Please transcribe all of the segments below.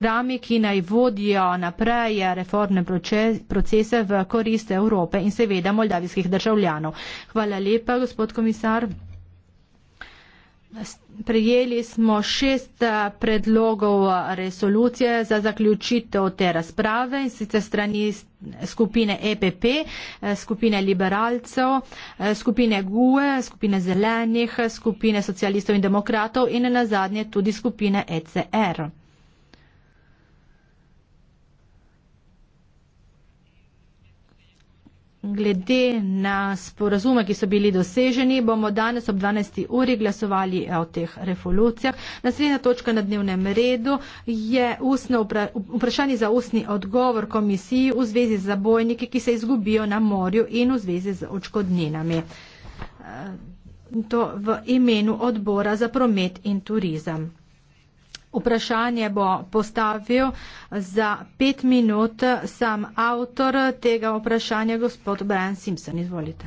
Programi, ki naj vodijo naprej reformne procese v korist Evrope in seveda moldavijskih državljanov. Hvala lepa, gospod komisar. Prijeli smo šest eh, predlogov resolucije za zaključitev te razprave in sicer strani skupine EPP, eh, skupine liberalcev, eh, skupine GUE, skupine zelenih, skupine socialistov in demokratov in na zadnje tudi skupine ECR. Glede na sporazume, ki so bili doseženi, bomo danes ob 12. uri glasovali o teh revolucijah. Naslednja točka na dnevnem redu je usno vprašanje za usni odgovor komisiji v zvezi z zabojniki, ki se izgubijo na morju in v zvezi z očkodninami. Eh, to v imenu odbora za promet in turizem. Vprašanje bo postavil za pet minut sam avtor tega vprašanja, gospod Brian Simpson. Izvolite.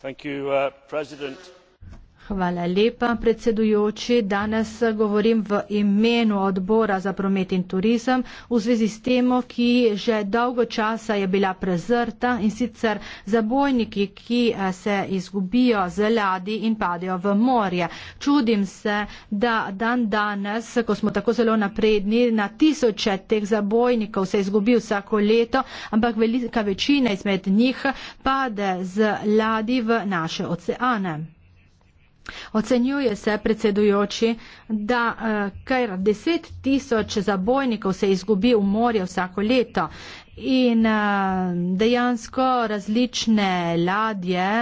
Thank you, uh, President. Hvala lepa, predsedujoči. Danes eh, govorim v imenu odbora za promet in turizem v zvezi s temo, ki že dolgo časa je bila prezrta in sicer zabojniki, ki eh, se izgubijo z ladi in padejo v morje. Čudim se, da dan danes, eh, ko smo tako zelo napredni, na tisoče teh zabojnikov se izgubi vsako leto, ampak velika večina izmed njih pade z ladi v naše oceane. Ocenjuje se, predsedujoči, da eh, kar 10 tisoč zabojnikov se izgubi v morje vsako leto in eh, dejansko različne ladje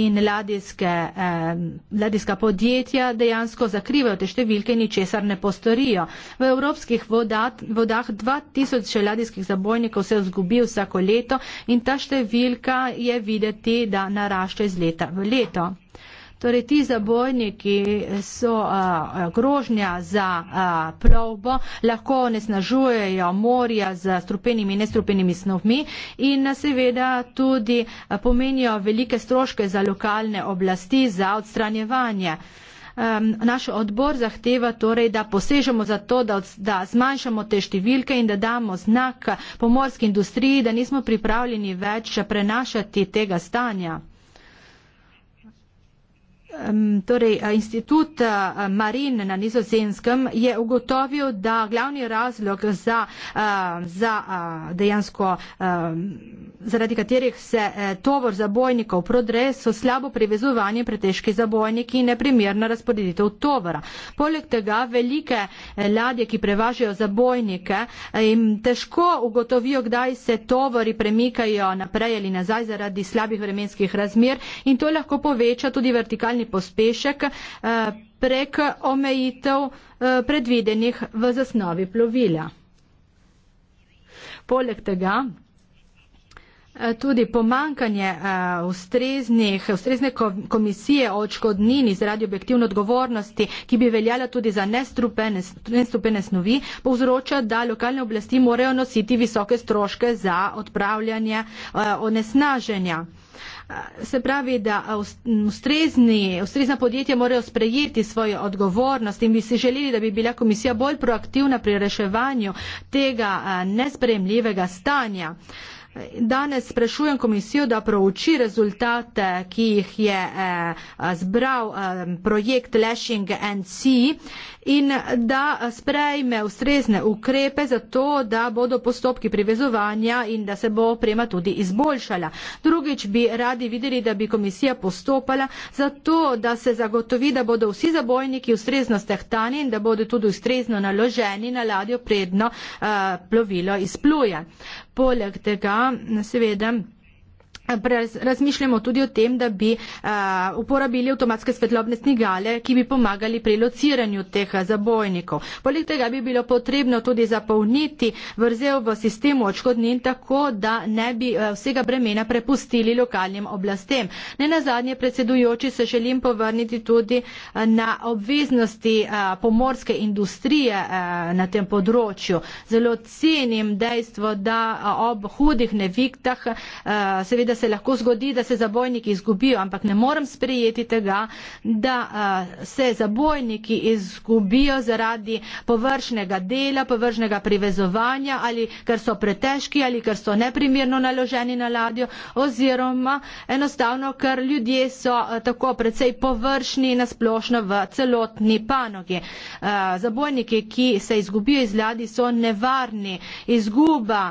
in ladijske, eh, ladijska podjetja dejansko zakrivajo te številke in ničesar ne postorijo. V evropskih vodat, vodah 2000 ladijskih zabojnikov se izgubi vsako leto in ta številka je videti, da narašča iz leta v leto. Torej, ti zabojniki so uh, grožnja za uh, plovbo, lahko nesnažujejo morja z strupenimi in nestrupenimi snovmi in seveda tudi uh, pomenijo velike stroške za lokalne oblasti za odstranjevanje. Um, naš odbor zahteva torej, da posežemo za to, da, da zmanjšamo te številke in da damo znak pomorski industriji, da nismo pripravljeni več prenašati tega stanja. Torej, eh, institut eh, Marin na nizozemskem je ugotovil, da glavni razlog za, eh, za dejansko, zaradi katerih se tovor zabojnikov prodre, so slabo privezovanje pretežki zabojniki in neprimerna razporeditev tovora. Poleg tega velike ladje, ki prevažajo zabojnike, jim težko ugotovijo, kdaj se tovori premikajo naprej ali nazaj zaradi slabih vremenskih razmer in to lahko poveča tudi vertikalni fiskalni pospešek eh, prek omejitev eh, predvidenih v zasnovi plovila. Poleg tega eh, tudi pomankanje ustreznih, ustrezne komisije o očkodnini zaradi objektivne odgovornosti, ki bi veljala tudi za nestrupene snovi, povzroča, da lokalne oblasti morajo nositi visoke stroške za odpravljanje onesnaženja se pravi, da ustrezni, ustrezna podjetja morajo sprejeti svojo odgovornost in bi si želeli, da bi bila komisija bolj proaktivna pri reševanju tega eh, nespremljivega stanja. Danes sprašujem komisijo, da prouči rezultate, ki jih je eh, zbral eh, projekt Lashing NC in da sprejme ustrezne ukrepe za to, da bodo postopki privezovanja in da se bo oprema tudi izboljšala. Drugič bi radi videli, da bi komisija postopala za to, da se zagotovi, da bodo vsi zabojniki ustrezno stehtani in da bodo tudi ustrezno naloženi na ladjo predno eh, plovilo izpluje. Poleg tega seveda razmišljamo tudi o tem, da bi a, eh, uporabili avtomatske svetlobne snigale, ki bi pomagali pri lociranju teh eh, zabojnikov. Poleg tega bi bilo potrebno tudi zapolniti vrzel v sistemu očkodnin tako, da ne bi a, eh, vsega bremena prepustili lokalnim oblastem. Ne na zadnje predsedujoči se želim povrniti tudi a, na obveznosti a, pomorske industrije a, na tem področju. Zelo cenim dejstvo, da a, ob hudih nevihtah seveda se lahko zgodi, da se zabojniki izgubijo, ampak ne morem sprejeti tega, da se zabojniki izgubijo zaradi površnega dela, površnega privezovanja ali ker so pretežki ali ker so neprimerno naloženi na ladjo oziroma enostavno, ker ljudje so tako precej površni na splošno v celotni panogi. Zabojniki, ki se izgubijo iz ladi, so nevarni. Izguba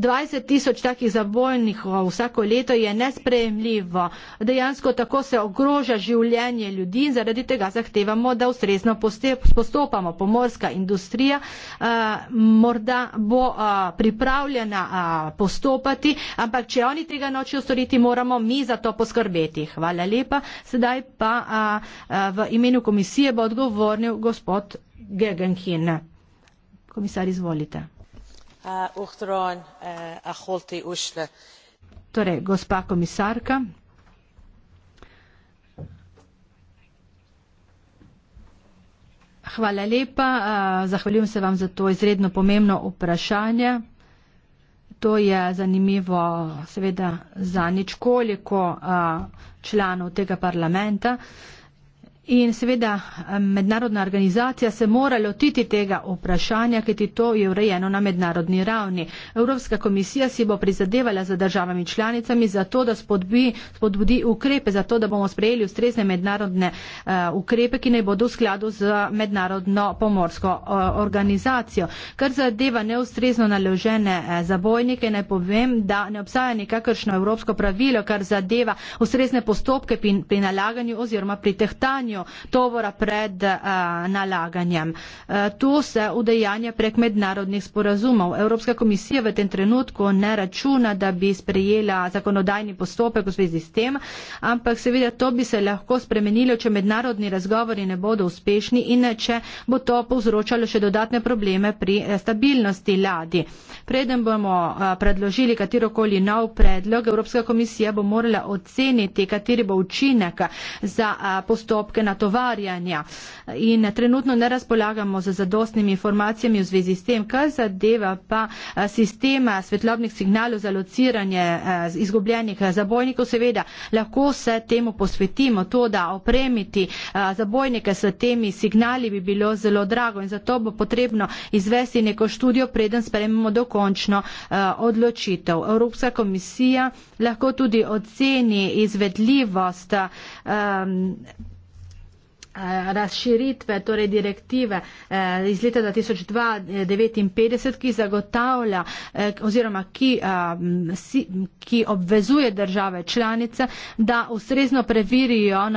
20 tisoč takih zabojnikov vsako leto je nesprejemljivo. Dejansko tako se ogroža življenje ljudi in zaradi tega zahtevamo, da ustrezno postopamo. Pomorska industrija uh, morda bo uh, pripravljena uh, postopati, ampak če oni tega nočejo storiti, moramo mi za to poskrbeti. Hvala lepa. Sedaj pa uh, uh, v imenu komisije bo odgovornil gospod Gegenhin. Komisar, izvolite. Uh, uh, torej gospa komisarka hvala lepa uh, zahvaljujem se vam za to izredno pomembno vprašanje to je zanimivo seveda za ničkoliko članov tega parlamenta In seveda eh, mednarodna organizacija se mora lotiti tega vprašanja, kajti to je urejeno na mednarodni ravni. Evropska komisija si bo prizadevala za državami članicami za to, da spodbi, spodbudi ukrepe, za to, da bomo sprejeli ustrezne mednarodne uh, ukrepe, ki ne bodo v skladu z mednarodno pomorsko uh, organizacijo. Kar zadeva neustrezno naložene uh, zabojnike, naj povem, da ne obstaja nikakršno evropsko pravilo, kar zadeva ustrezne postopke pri, pri nalaganju oziroma pri tehtanju odvajanju tovora pred a, eh, nalaganjem. A, eh, to se udejanja prek mednarodnih sporazumov. Evropska komisija v tem trenutku ne računa, da bi sprejela zakonodajni postopek v zvezi s tem, ampak seveda to bi se lahko spremenilo, če mednarodni razgovori ne bodo uspešni in če bo to povzročalo še dodatne probleme pri eh, stabilnosti ladi. Preden bomo predložili katerokoli nov predlog, Evropska komisija bo morala oceniti, kateri bo učinek za postopke na natovarjanja in trenutno ne razpolagamo z zadostnimi informacijami v zvezi s tem, kar zadeva pa eh, sistema eh, svetlobnih signalov za lociranje eh, izgubljenih zabojnikov. Seveda lahko se temu posvetimo, to da opremiti zabojnike s temi signali bi bilo zelo drago in zato bo potrebno izvesti neko študijo, preden sprememo dokončno odločitev. Evropska komisija lahko tudi oceni izvedljivost um, Eh, razširitve, torej direktive eh, iz leta 2059, ki zagotavlja eh, oziroma ki, ki obvezuje države članice, da ustrezno previrijo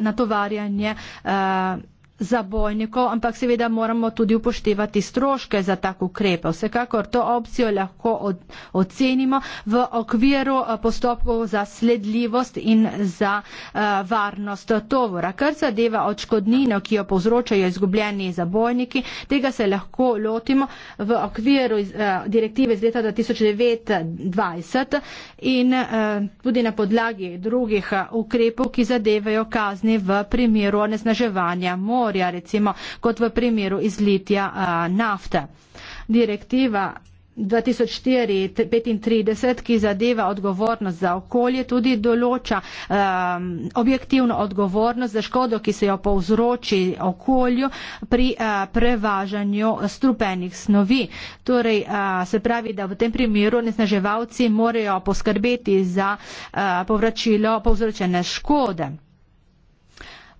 na tovarjanje. To zabojnikov, ampak seveda moramo tudi upoštevati stroške za tak ukrep. Vsekakor to opcijo lahko od, ocenimo v okviru eh, postopkov za sledljivost in za uh, varnost tovora. Kar zadeva odškodnino, ki jo povzročajo izgubljeni zabojniki, tega se lahko lotimo v okviru iz, uh, direktive iz leta 2020 in uh, tudi na podlagi drugih ukrepov, ki zadevajo kazni v primeru onesnaževanja morja morja, recimo kot v primeru izlitja nafte. Direktiva 2004-35, ki zadeva odgovornost za okolje, tudi določa um, objektivno odgovornost za škodo, ki se jo povzroči okolju pri uh, prevažanju strupenih snovi. Torej, uh, se pravi, da v tem primeru nesnaževalci morajo poskrbeti za uh, povračilo povzročene škode.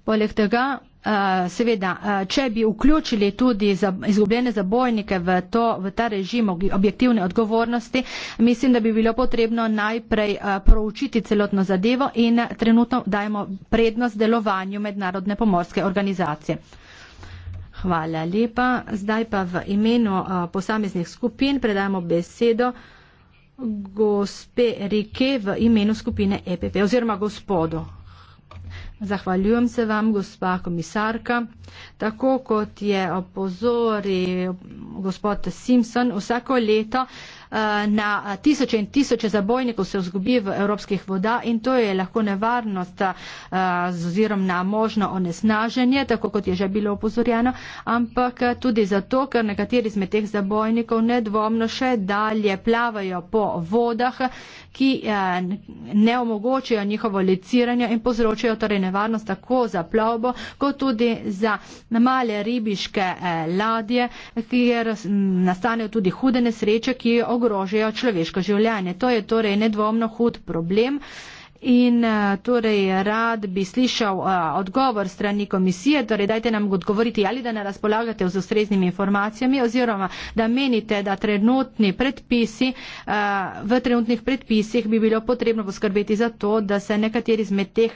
Poleg tega Eh, seveda, eh, če bi vključili tudi izgubljene zabojnike v, to, v ta režim objektivne odgovornosti, mislim, da bi bilo potrebno najprej eh, proučiti celotno zadevo in trenutno dajemo prednost delovanju mednarodne pomorske organizacije. Hvala lepa. Zdaj pa v imenu posameznih skupin predajamo besedo gospe Rike v imenu skupine EPP oziroma gospodu. Zahvaljujem se vam, gospa komisarka. Tako kot je opozoril gospod Simpson, vsako leto Eh, na tisoče in tisoče zabojnikov se vzgubi v evropskih voda in to je lahko nevarnost eh, z ozirom na možno onesnaženje, tako kot je že bilo upozorjeno, ampak eh, tudi zato, ker nekateri izmed teh zabojnikov nedvomno še dalje plavajo po vodah, ki ne omogočajo njihovo liciranje in povzročajo torej nevarnost tako za plavbo, kot tudi za male ribiške ladje, kjer mm, nastanejo tudi hude nesreče, ki ogrožajo ogrožajo človeško življenje. To je torej nedvomno hud problem. In eh, torej rad bi slišal uh, odgovor strani komisije, torej dajte nam odgovoriti ali da ne razpolagate z ustreznimi informacijami oziroma da menite, da trenutni predpisi, uh, v trenutnih predpisih bi bilo potrebno poskrbeti za to, da se nekateri izmed teh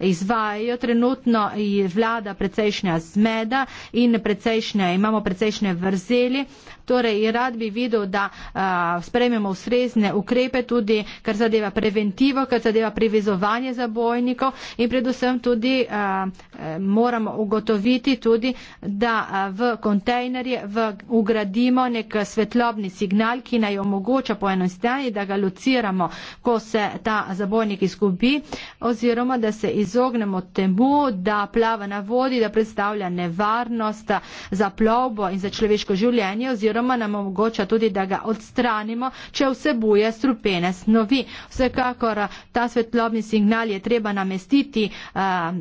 izvajajo. Trenutno je vlada precejšnja zmeda in precejšnja, imamo precejšnje vrzeli, torej rad bi videl, da a, sprememo ustrezne ukrepe tudi, kar zadeva preventivo, kar zadeva privezovanje zabojnikov in predvsem tudi a, a, moramo ugotoviti tudi, da a, v kontejnerje v, ugradimo nek svetlobni signal, ki naj omogoča po enoj strani, da ga lociramo, ko se ta zabojnik izgubi oziroma da se izognemo temu, da plava na vodi, da predstavlja nevarnost za plovbo in za človeško življenje oziroma oziroma nam omogoča tudi, da ga odstranimo, če vsebuje strupene snovi. Vsekakor ta svetlobni signal je treba namestiti. Uh,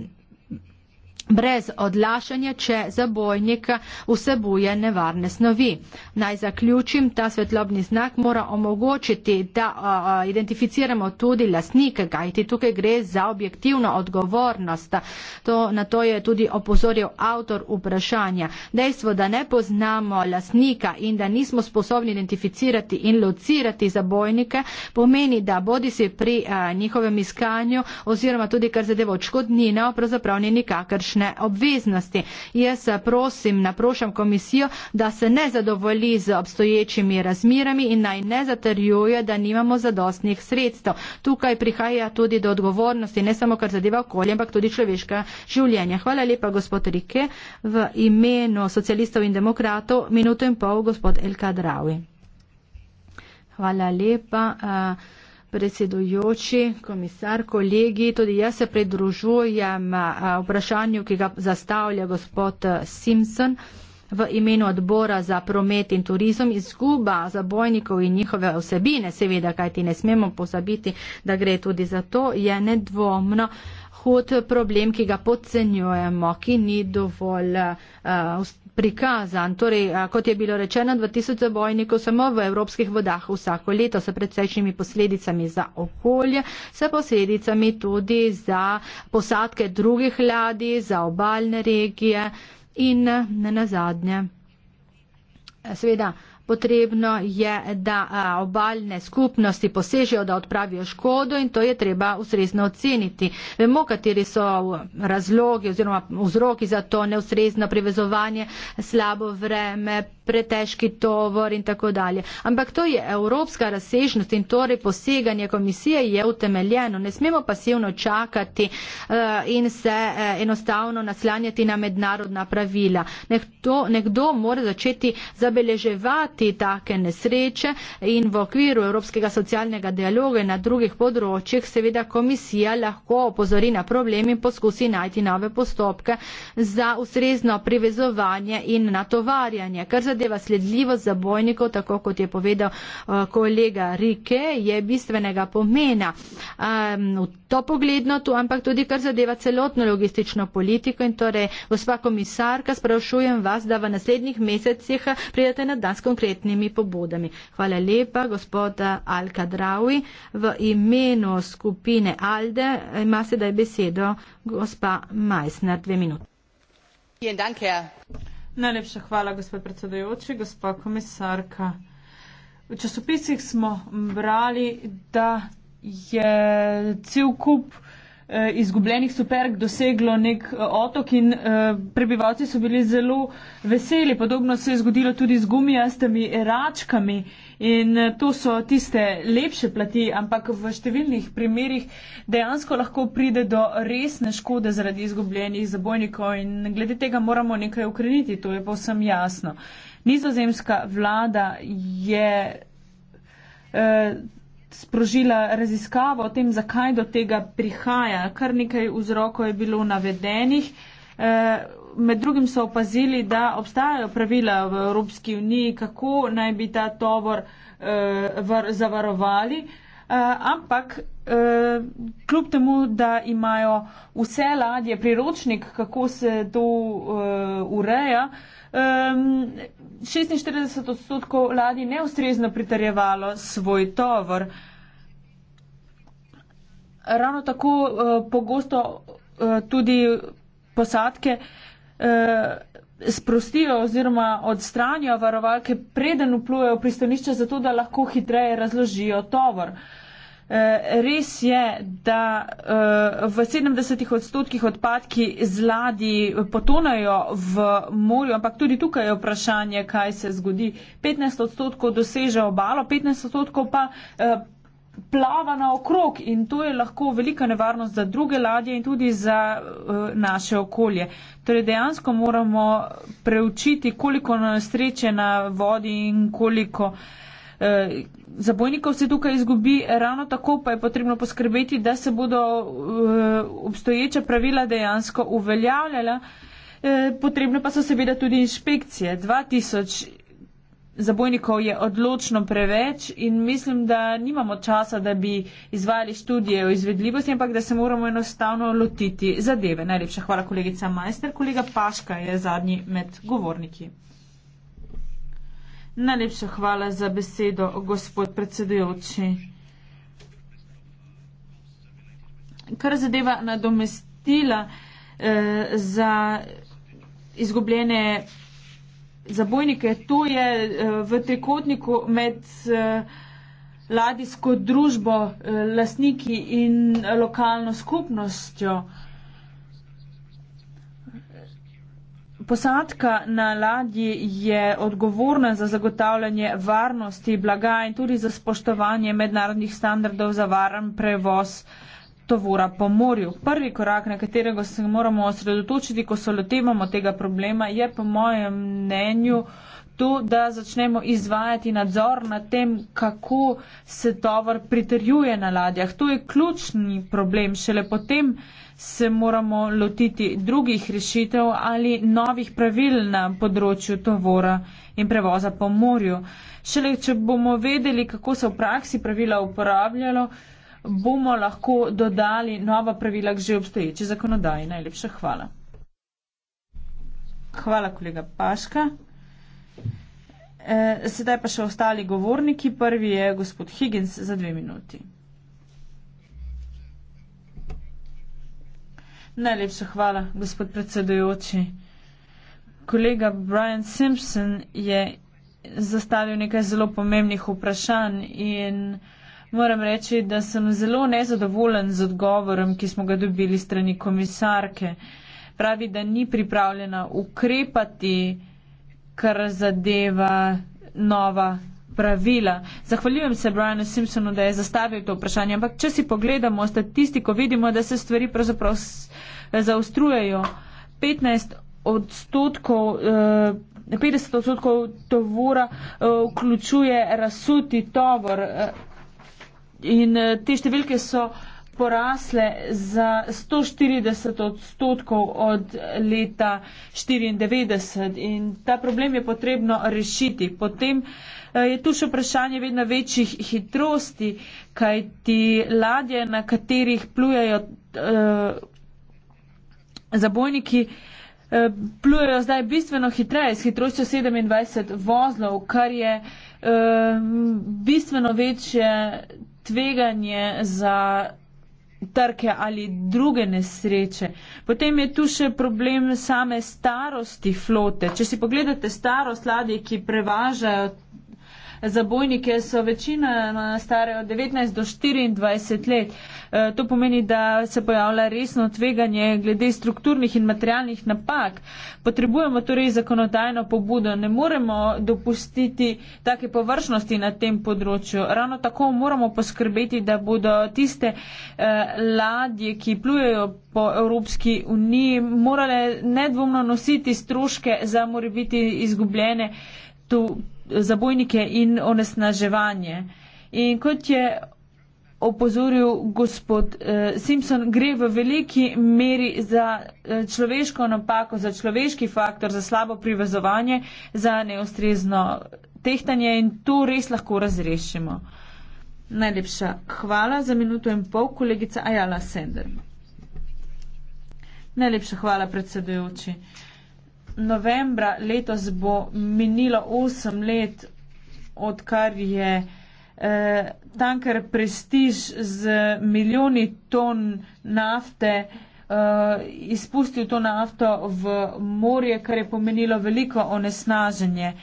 brez odlašanja, če zabojnik vsebuje nevarne snovi. Naj zaključim, ta svetlobni znak mora omogočiti, da a, a, identificiramo tudi lasnike, kajti tukaj gre za objektivno odgovornost. To, na to je tudi opozoril avtor vprašanja. Dejstvo, da ne poznamo lasnika in da nismo sposobni identificirati in locirati zabojnike, pomeni, da bodi si pri a, njihovem iskanju oziroma tudi, kar zadeva očkodnina, pravzaprav ni nikakršna davčne obveznosti. Jaz eh, prosim, naprošam komisijo, da se ne zadovolji z obstoječimi razmirami in naj ne zatrjuje, da nimamo zadostnih sredstev. Tukaj prihaja tudi do odgovornosti, ne samo kar zadeva okolje, ampak tudi človeška življenja. Hvala lepa, gospod Rike. V imenu socialistov in demokratov minuto in pol, gospod Elka Dravi. Hvala lepa. Uh, predsedujoči, komisar, kolegi, tudi jaz se pridružujem vprašanju, ki ga zastavlja gospod eh, Simpson v imenu odbora za promet in turizem. Izguba zabojnikov in njihove osebine, seveda, kaj ti ne smemo pozabiti, da gre tudi za to, je nedvomno hud problem, ki ga podcenjujemo, ki ni dovolj uh, eh, ustavljen prikazan. Torej, kot je bilo rečeno, 2000 bojnikov samo v evropskih vodah vsako leto s predsečnimi posledicami za okolje, s posledicami tudi za posadke drugih ladi, za obaljne regije in ne nazadnje. Seveda, potrebno je, da obaljne skupnosti posežejo, da odpravijo škodo in to je treba ustrezno oceniti. Vemo, kateri so razlogi oziroma vzroki za to neustrezno privezovanje, slabo vreme, pretežki tovor in tako dalje. Ampak to je evropska razsežnost in torej poseganje komisije je utemeljeno. Ne smemo pasivno čakati eh, in se eh, enostavno naslanjati na mednarodna pravila. Nekdo, nekdo mora začeti zabeleževati take nesreče in v okviru Evropskega socialnega dialoga in na drugih področjih seveda komisija lahko opozori na problem in poskusi najti nove postopke za ustrezno privezovanje in natovarjanje. Kar zadeva sledljivost zabojnikov, tako kot je povedal eh, kolega Rike, je bistvenega pomena. Ehm, to pogledno tu, ampak tudi kar zadeva celotno logistično politiko in torej, gospa komisarka, sprašujem vas, da v naslednjih mesecih pridete na dan s konkretnimi pobudami. Hvala lepa, gospod eh, Alka Dravi. V imenu skupine Alde eh, ima sedaj besedo gospa Majsner. Dve minuti. Vielen Dank, Herr Najlepša hvala, gospod predsedajoči, gospod komisarka. V časopisih smo brali, da je cel kup eh, izgubljenih superg doseglo nek eh, otok in eh, prebivalci so bili zelo veseli. Podobno se je zgodilo tudi z gumijastami račkami. In eh, to so tiste lepše plati, ampak v številnih primerjih dejansko lahko pride do resne škode zaradi izgubljenih zabojnikov in glede tega moramo nekaj ukreniti, to je povsem jasno. Nizozemska vlada je eh, sprožila raziskavo o tem, zakaj do tega prihaja. Kar nekaj vzrokov je bilo navedenih. Eh, med drugim so opazili, da obstajajo pravila v Evropski uniji, kako naj bi ta tovor eh, var, zavarovali, eh, ampak eh, kljub temu, da imajo vse ladje priročnik, kako se to eh, ureja, eh, 46 odstotkov ladij neustrezno pritarjevalo svoj tovor. Ravno tako eh, pogosto eh, tudi posadke eh, Eh, sprostijo oziroma odstranijo varovalke, preden vplujejo v pristanišče, zato da lahko hitreje razložijo tovor. Eh, res je, da eh, v 70 odstotkih odpadki z ladji potonajo v morju, ampak tudi tukaj je vprašanje, kaj se zgodi. 15 odstotkov doseže obalo, 15 odstotkov pa plava naokrog in to je lahko velika nevarnost za druge ladje in tudi za uh, naše okolje. Torej dejansko moramo preučiti, koliko nasreče na vodi in koliko uh, zabojnikov se tukaj izgubi. Ravno tako pa je potrebno poskrbeti, da se bodo uh, obstoječa pravila dejansko uveljavljala. Potrebne pa so seveda tudi inšpekcije. 2000 zabojnikov je odločno preveč in mislim, da nimamo časa, da bi izvajali študije o izvedljivosti, ampak da se moramo enostavno lotiti zadeve. Najlepša hvala, kolegica Majster. Kolega Paška je zadnji med govorniki. Najlepša hvala za besedo, gospod predsedujoči. Kar zadeva nadomestila eh, za izgubljene zabojnike. To je eh, v trikotniku med eh, ladijsko družbo, eh, lasniki in lokalno skupnostjo. Posadka na ladji je odgovorna za zagotavljanje varnosti blaga in tudi za spoštovanje mednarodnih standardov za varen prevoz. Uh, tovora po morju. Prvi korak, na katerega se moramo osredotočiti, ko se lotevamo tega problema, je po mojem mnenju to, da začnemo izvajati nadzor nad tem, kako se tovor pritrjuje na ladjah. To je ključni problem. Šele potem se moramo lotiti drugih rešitev ali novih pravil na področju tovora in prevoza po morju. Šele, če bomo vedeli, kako se v praksi pravila uporabljalo, bomo lahko dodali nova pravila k že obstoječi zakonodaji. Najlepša hvala. Hvala, kolega Paška. E, sedaj pa še ostali govorniki. Prvi je gospod Higgins za dve minuti. Najlepša hvala, gospod predsedujoči. Kolega Brian Simpson je zastavil nekaj zelo pomembnih vprašanj in uh, Moram reči, da sem zelo nezadovoljen z odgovorem, ki smo ga dobili strani komisarke. Pravi, da ni pripravljena ukrepati, kar zadeva nova pravila. Zahvaljujem se Brianu Simpsonu, da je zastavil to vprašanje, ampak če si pogledamo statistiko, vidimo, da se stvari pravzaprav zaostrujejo. 15 odstotkov. Eh, 50 odstotkov tovora uh, vključuje rasuti tovor, uh, In eh, te številke so porasle za 140 odstotkov od leta 1994 in ta problem je potrebno rešiti. Potem eh, je tu še vprašanje vedno večjih hitrosti, kaj ti ladje, na katerih plujejo eh, zabojniki, eh, plujejo zdaj bistveno hitreje s hitrostjo 27 vozlov, kar je eh, bistveno večje tveganje za trke ali druge nesreče. Potem je tu še problem same starosti flote. Če si pogledate starost ladje, ki prevažajo zabojnike so večina stare od 19 do 24 let. E, to pomeni, da se pojavlja resno tveganje glede strukturnih in materialnih napak. Potrebujemo torej zakonodajno pobudo. Ne moremo dopustiti take površnosti na tem področju. Ravno tako moramo poskrbeti, da bodo tiste e, ladje, ki plujejo po Evropski uniji, morale nedvomno nositi stroške za morebiti izgubljene zabojnike in onesnaževanje. In kot je opozoril gospod eh, Simpson, gre v veliki meri za eh, človeško napako, za človeški faktor, za slabo privezovanje, za neustrezno tehtanje in to res lahko razrešimo. Najlepša hvala za minuto in pol, kolegica Ajala Sender. Najlepša hvala, predsedujoči novembra letos bo minilo 8 let, odkar je eh, tanker prestiž z milijoni ton nafte eh, izpustil to nafto v morje, kar je pomenilo veliko onesnaženje.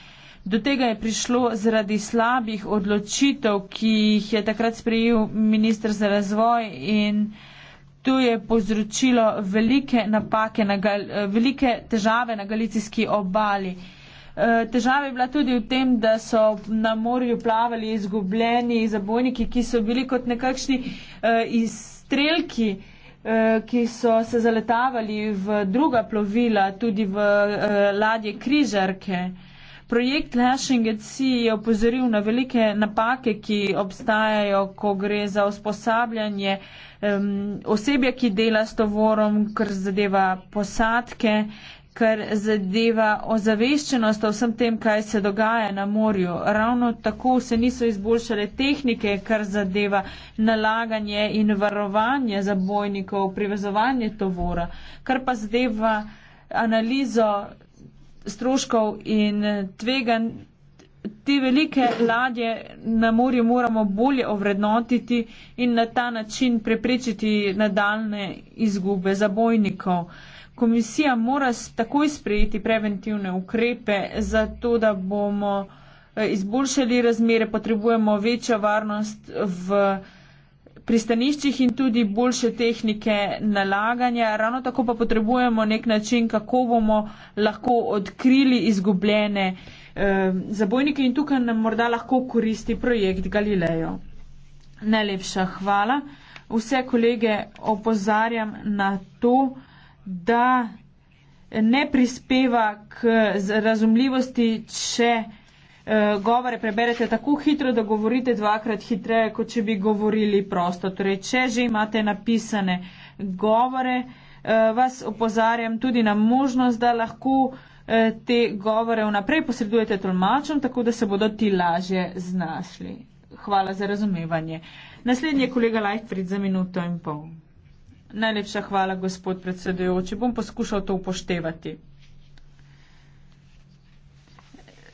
Do tega je prišlo zaradi slabih odločitev, ki jih je takrat sprejel ministr za razvoj in eh, To je povzročilo velike napake, na gal, eh, velike težave na galicijski obali. Eh, Težava je bila tudi v tem, da so na morju plavali izgubljeni zabojniki, ki so bili kot nekakšni eh, izstrelki, ki so se zaletavali v druga plovila, tudi v ladje križarke. Projekt Lashing at Sea je opozoril na velike napake, ki obstajajo, ko gre za usposabljanje um, osebja, ki dela s tovorom, kar zadeva posadke, kar zadeva ozaveščenost o vsem tem, kaj se dogaja na morju. Ravno tako se niso izboljšale tehnike, kar zadeva nalaganje in varovanje zabojnikov, privezovanje tovora, kar pa zadeva analizo stroškov in eh, tvegan. Te velike ladje na morju moramo bolje ovrednotiti in na ta način preprečiti nadaljne izgube zabojnikov. Komisija mora takoj sprejeti preventivne ukrepe, zato da bomo eh, izboljšali razmere, potrebujemo večjo varnost v pristaniščih in tudi boljše tehnike nalaganja. Ravno tako pa potrebujemo nek način, kako bomo lahko odkrili izgubljene eh, zabojnike in tukaj nam morda lahko koristi projekt Galilejo. Najlepša hvala. Vse kolege opozarjam na to, da ne prispeva k razumljivosti, če govore preberete tako hitro, da govorite dvakrat hitreje, kot če bi govorili prosto. Torej, če že imate napisane govore, eh, vas opozarjam tudi na možnost, da lahko eh, te govore vnaprej posredujete tolmačom, tako da se bodo ti lažje znašli. Hvala za razumevanje. Naslednji je kolega Lajfrid za minuto in pol. Najlepša hvala, gospod predsedujoči. Bom poskušal to upoštevati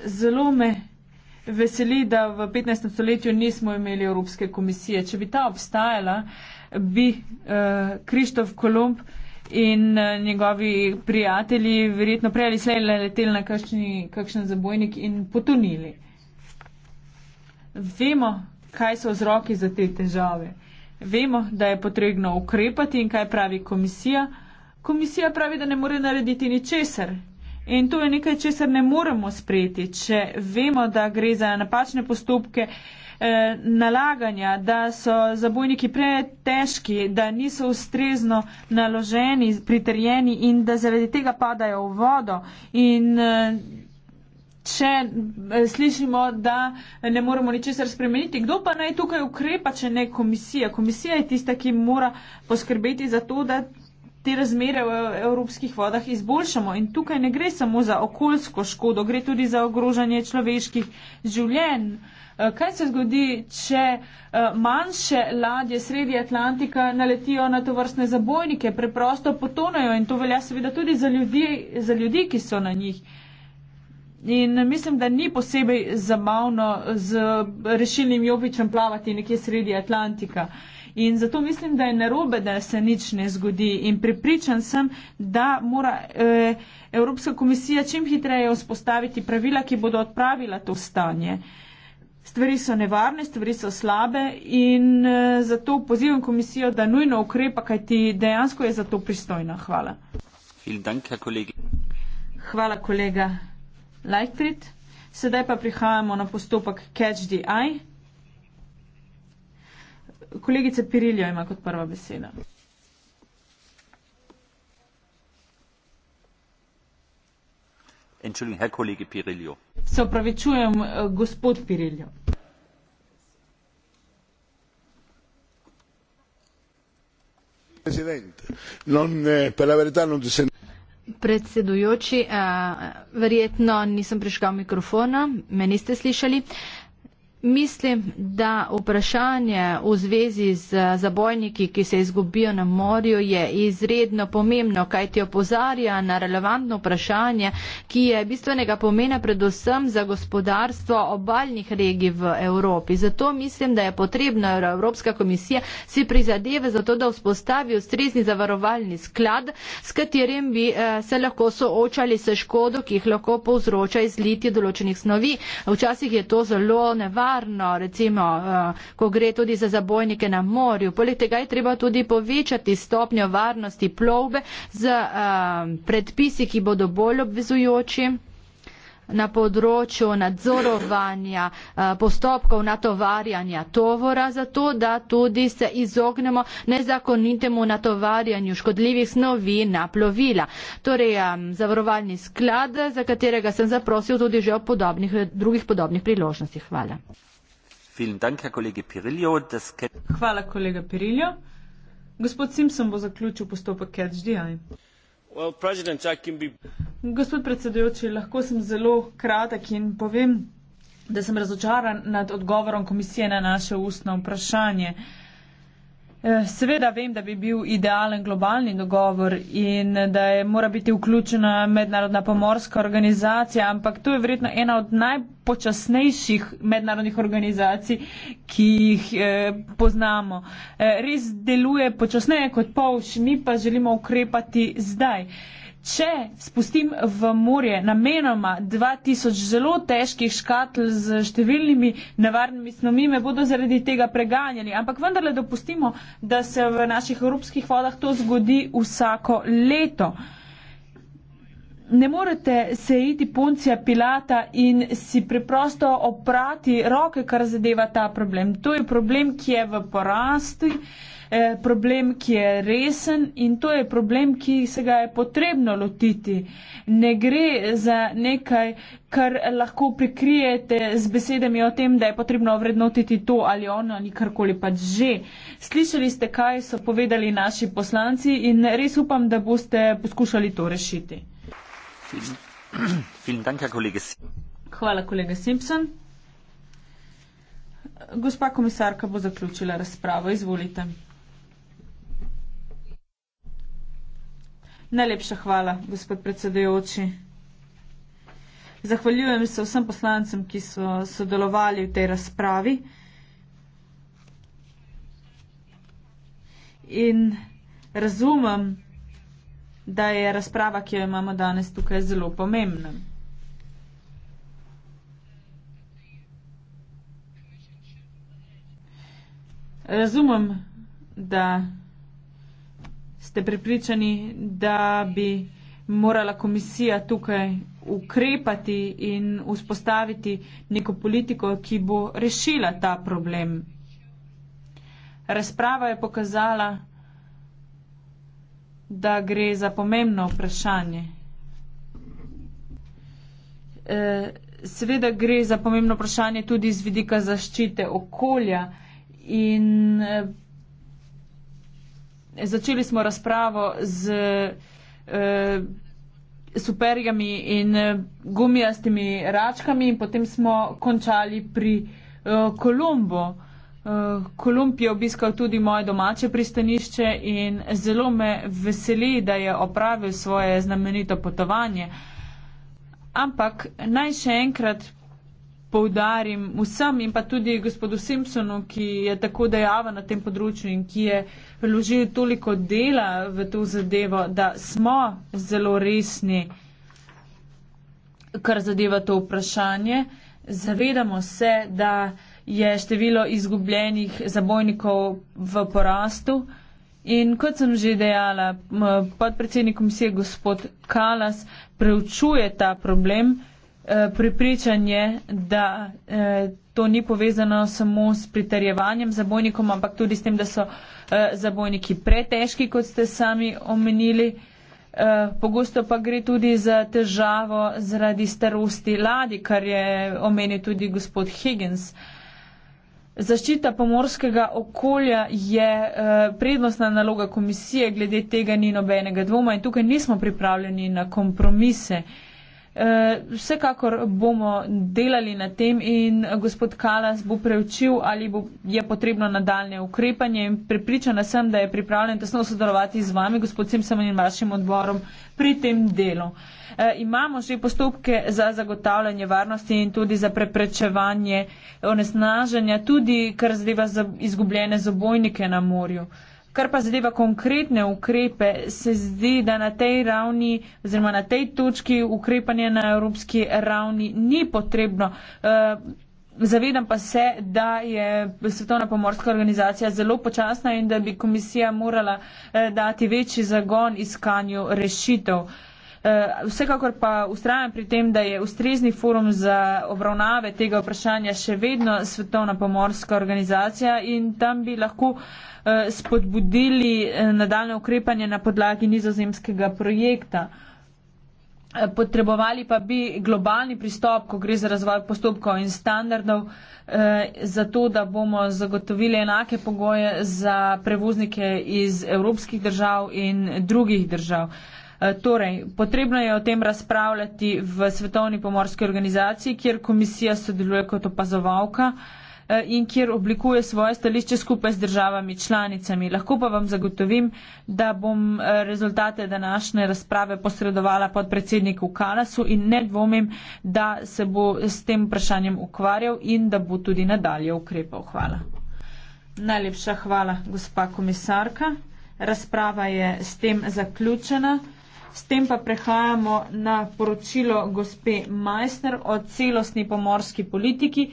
zelo me veseli, da v 15. stoletju nismo imeli Evropske komisije. Če bi ta obstajala, bi eh, Krištof uh, Kolumb in uh, njegovi prijatelji verjetno prej ali slej leteli na kakšni, kakšen zabojnik in potonili. Vemo, kaj so vzroki za te težave. Vemo, da je potrebno ukrepati in kaj pravi komisija. Komisija pravi, da ne more narediti ničesar, In to je nekaj, česar ne moremo sprejeti, če vemo, da gre za napačne postopke eh, nalaganja, da so zabojniki pretežki, da niso ustrezno naloženi, pritrjeni in da zaradi tega padajo v vodo. In, eh, Če eh, slišimo, da ne moramo ničesar spremeniti, kdo pa naj tukaj ukrepa, če ne komisija? Komisija je tista, ki mora poskrbeti za to, da te razmere v evropskih vodah izboljšamo. In tukaj ne gre samo za okoljsko škodo, gre tudi za ogrožanje človeških življenj. Eh, kaj se zgodi, če eh, manjše ladje sredi Atlantika naletijo na to vrstne zabojnike, preprosto potonajo in to velja seveda tudi za ljudi, za ljudi ki so na njih. In mislim, da ni posebej zabavno z rešilnim jopičem plavati nekje sredi Atlantika. Uh, In zato mislim, da je narobe, da se nič ne zgodi. In pripričan sem, da mora eh, Evropska komisija čim hitreje vzpostaviti pravila, ki bodo odpravila to stanje. Stvari so nevarne, stvari so slabe in eh, zato pozivam komisijo, da nujno ukrepa, kajti dejansko je za to pristojna. Hvala. Danke, kolegi. Hvala, kolega Lajkrit. Sedaj pa prihajamo na postopek Catch the Eye. Kolegica Pirilja ima kot prva beseda. Entschuldigung, Herr Kollege Pirilio. Se opravičujem, eh, gospod Pirilio. Eh, Predsedujoči, eh, verjetno nisem prišel mikrofona, me niste slišali. Mislim, da vprašanje v zvezi z zabojniki, ki se izgubijo na morju, je izredno pomembno, kaj ti opozarja na relevantno vprašanje, ki je bistvenega pomena predvsem za gospodarstvo obaljnih regij v Evropi. Zato mislim, da je potrebno, da Evropska komisija si prizadeve za to, da vzpostavi ustrezni zavarovalni sklad, s katerim bi eh, se lahko soočali se škodo, ki jih lahko povzroča izlitje določenih snovi. Včasih je to zelo nevarno varno, recimo, eh, ko gre tudi za zabojnike na morju. Poleg tega je treba tudi povečati stopnjo varnosti plovbe z eh, predpisi, ki bodo bolj obvezujoči na področju nadzorovanja eh, postopkov natovarjanja tovora, zato da tudi se izognemo nezakonitemu natovarjanju škodljivih snovi na plovila. Torej, eh, zavarovalni sklad, za katerega sem zaprosil tudi že o podobnih, drugih podobnih priložnostih. Hvala. Hvala, kolega Pirilijo. Gospod Simpson bo zaključil postopek CatchDI. Gospod predsedujoči, lahko sem zelo kratek in povem, da sem razočaran nad odgovorom komisije na naše ustno vprašanje. Seveda vem, da bi bil idealen globalni dogovor in da je mora biti vključena mednarodna pomorska organizacija, ampak to je verjetno ena od najpočasnejših mednarodnih organizacij, ki jih eh, poznamo. Eh, res deluje počasneje kot polš, mi pa želimo ukrepati zdaj. Eh, Če spustim v morje namenoma 2000 zelo težkih škatl z številnimi nevarnimi snovmi, me bodo zaradi tega preganjali. Ampak vendarle dopustimo, da se v naših evropskih vodah to zgodi vsako leto. Ne morete se iti poncija pilata in si preprosto oprati roke, kar zadeva ta problem. To je problem, ki je v porasti. Eh, problem, ki je resen in to je problem, ki se ga je potrebno lotiti. Ne gre za nekaj, kar lahko prikrijete z besedami o tem, da je potrebno vrednotiti to ali ono ali karkoli pač že. Slišali ste, kaj so povedali naši poslanci in res upam, da boste poskušali to rešiti. Hvala, kolega Simpson. Gospa komisarka bo zaključila razpravo. Izvolite. Najlepša hvala, gospod predsedujoči. Zahvaljujem se vsem poslancem, ki so sodelovali v tej razpravi. In razumem, da je razprava, ki jo imamo danes tukaj, zelo pomembna. Razumem, da ste prepričani, da bi morala komisija tukaj ukrepati in vzpostaviti neko politiko, ki bo rešila ta problem. Razprava je pokazala, da gre za pomembno vprašanje. E, seveda gre za pomembno vprašanje tudi z vidika zaščite okolja in Začeli smo razpravo z eh, supergami in eh, gumijastimi račkami in potem smo končali pri eh, Kolumbu. Eh, Kolumb je obiskal tudi moje domače pristanišče in zelo me veseli, da je opravil svoje znamenito potovanje. Ampak naj še enkrat poudarim vsem in pa tudi gospodu Simpsonu, ki je tako dejaven na tem področju in ki je vložil toliko dela v to zadevo, da smo zelo resni, kar zadeva to vprašanje. Zavedamo se, da je število izgubljenih zabojnikov v porastu. In kot sem že dejala, podpredsednik komisije gospod Kalas preučuje ta problem. Eh, prepričanje, da eh, to ni povezano samo s pritarjevanjem zabojnikom, ampak tudi s tem, da so eh, zabojniki pretežki, kot ste sami omenili. Pogosto pa gre tudi za težavo zaradi starosti ladi, kar je omenil tudi gospod Higgins. Zaščita pomorskega okolja je prednostna naloga komisije, glede tega ni nobenega dvoma in tukaj nismo pripravljeni na kompromise. Eh, vsekakor bomo delali na tem in gospod Kalas bo preučil, ali bo, je potrebno nadaljne ukrepanje in pripričana sem, da je pripravljen tesno sodelovati z vami, gospod Simsemon in vašim odborom pri tem delu. E, imamo že postopke za zagotavljanje varnosti in tudi za preprečevanje onesnaženja, tudi kar zadeva izgubljene zobojnike na morju. E, Kar pa zadeva konkretne ukrepe, se zdi, da na tej ravni oziroma na tej točki ukrepanje na evropski ravni ni potrebno. Eh, zavedam pa se, da je Svetovna pomorska organizacija zelo počasna in da bi komisija morala eh, dati večji zagon iskanju rešitev. Eh, vsekakor pa ustrajam pri tem, da je ustrezni forum za obravnave tega vprašanja še vedno Svetovna pomorska organizacija in tam bi lahko eh, spodbudili eh, nadaljne ukrepanje na podlagi nizozemskega projekta. Potrebovali pa bi globalni pristop, ko gre za razvoj postopkov in standardov, zato da bomo zagotovili enake pogoje za prevoznike iz evropskih držav in drugih držav. Eh, torej, potrebno je o tem razpravljati v Svetovni pomorski organizaciji, kjer komisija sodeluje kot opazovalka eh, in kjer oblikuje svoje stališče skupaj z državami članicami. Lahko pa vam zagotovim, da bom eh, rezultate današnje razprave posredovala pod predsedniku Kalasu in ne dvomim, da se bo s tem vprašanjem ukvarjal in da bo tudi nadalje ukrepal. Hvala. Najlepša hvala, gospa komisarka. Razprava je s tem zaključena. S tem pa prehajamo na poročilo gospe Majsner o celostni pomorski politiki,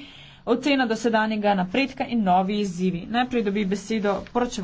oceno dosedanjega napredka in novi izzivi. Najprej dobi besedo poročevalca.